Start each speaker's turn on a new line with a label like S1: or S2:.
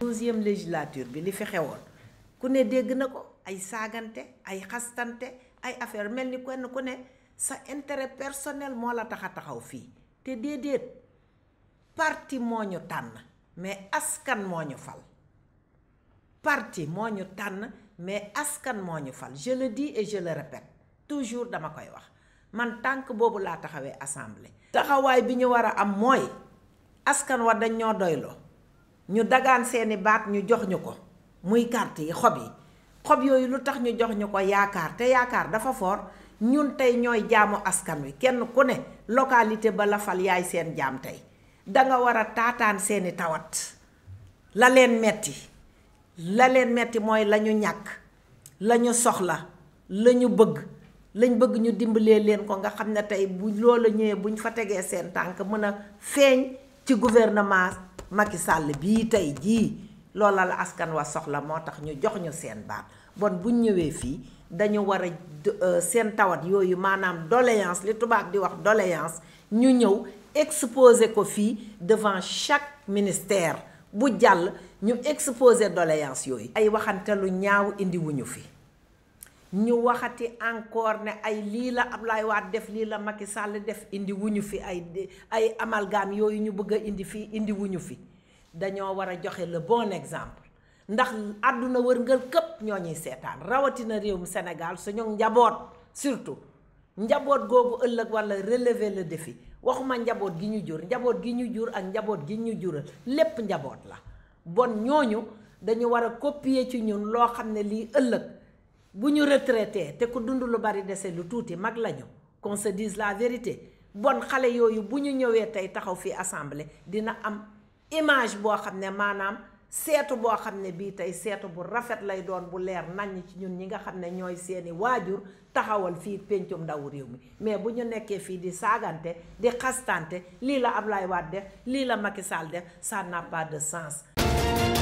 S1: Deuxième législature bi li fi xewoon ku ne dégg na ay saagante ay xastante ay affaire melni kenn ku ne sa intérêt personnel mo la taxa taxaw fi te déedéet parti moñu tan mais askan moñu fal parti moñu tan mais askan moñu fal je le dis et je le répète toujours dama koy wax man tank bobu la taxawé assemblée. taxaway bi ñu war am moy askan wa dañ ñoo doylo ñu dagaan seeni baat ñu jox ñu ko muy carte yi xob yi xob yooyu lu tax ñu jox ñu ko yaakaar te yaakaar dafa foor ñun tey ñooy jaamu askan wi kenn ku ne localité ba lafal yaay seen jaam tey danga war a taataan seeni tawat la leen metti la leen metti mooy lañu ñu ñàkk la soxla lañu ñu bëgg lañ bëgg ñu dimbalee leen ko nga xam ne tey bu loola ñëwee buñ fa tegee seen tànk mën a feeñ ci gouvernement Macky Sall bi tay ji Lola la askan wa soxla motax ñu jox ñu seen bon bu dañu war euh, seen tawat yoyu manam doléance li tubaab di wax doléance ñu ñëw exposer ko devant chaque ministère bu jall ñu exposer doléance yoyu ay waxante ñaaw fi ñu waxati encore ne ay lii la Ablaye Wade def lii la Macky sàll def indi wuñu fi ay ay amalgame yooyu ñu bëgg a indi fii indiwuñu fi dañoo war a joxe la bon exemple ndax àdduna wërngal këpp ñoo ñuy seetaan rawatina réew réewum Sénégal suñu njaboot surtout njaboot googu ëllëg walla relever le défi waxuma njaboot gi ñu jur njaboot gi ñu jur ak njaboot gi ñu jural lépp njaboot la bon ñooñu dañoo war a copier ci ñun loo xam ne lii ëllëg bu ñu retraité te ku dund lu bari dese lu tuuti mag lañu qu'on se dise la vérité bon xale yooyu bu ñu ñëwee tey taxaw fii assemblée dina am image boo xam ne maanaam seetu boo xam ne bii tey seetu bu rafet lay doon bu leer naññ ci ñun ñi nga xam ne ñooy seeni waajur taxawal fii péncum ndaw réew mi mais bu ñu nekkee fii di saagante di xastante lii la Ablaye Wade def lii la Macky Sall def sa napa de sens